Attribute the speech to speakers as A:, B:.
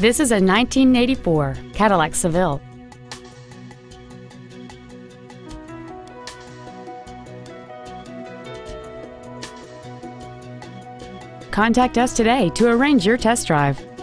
A: This is a 1984 Cadillac Seville.
B: Contact us today to arrange your test drive.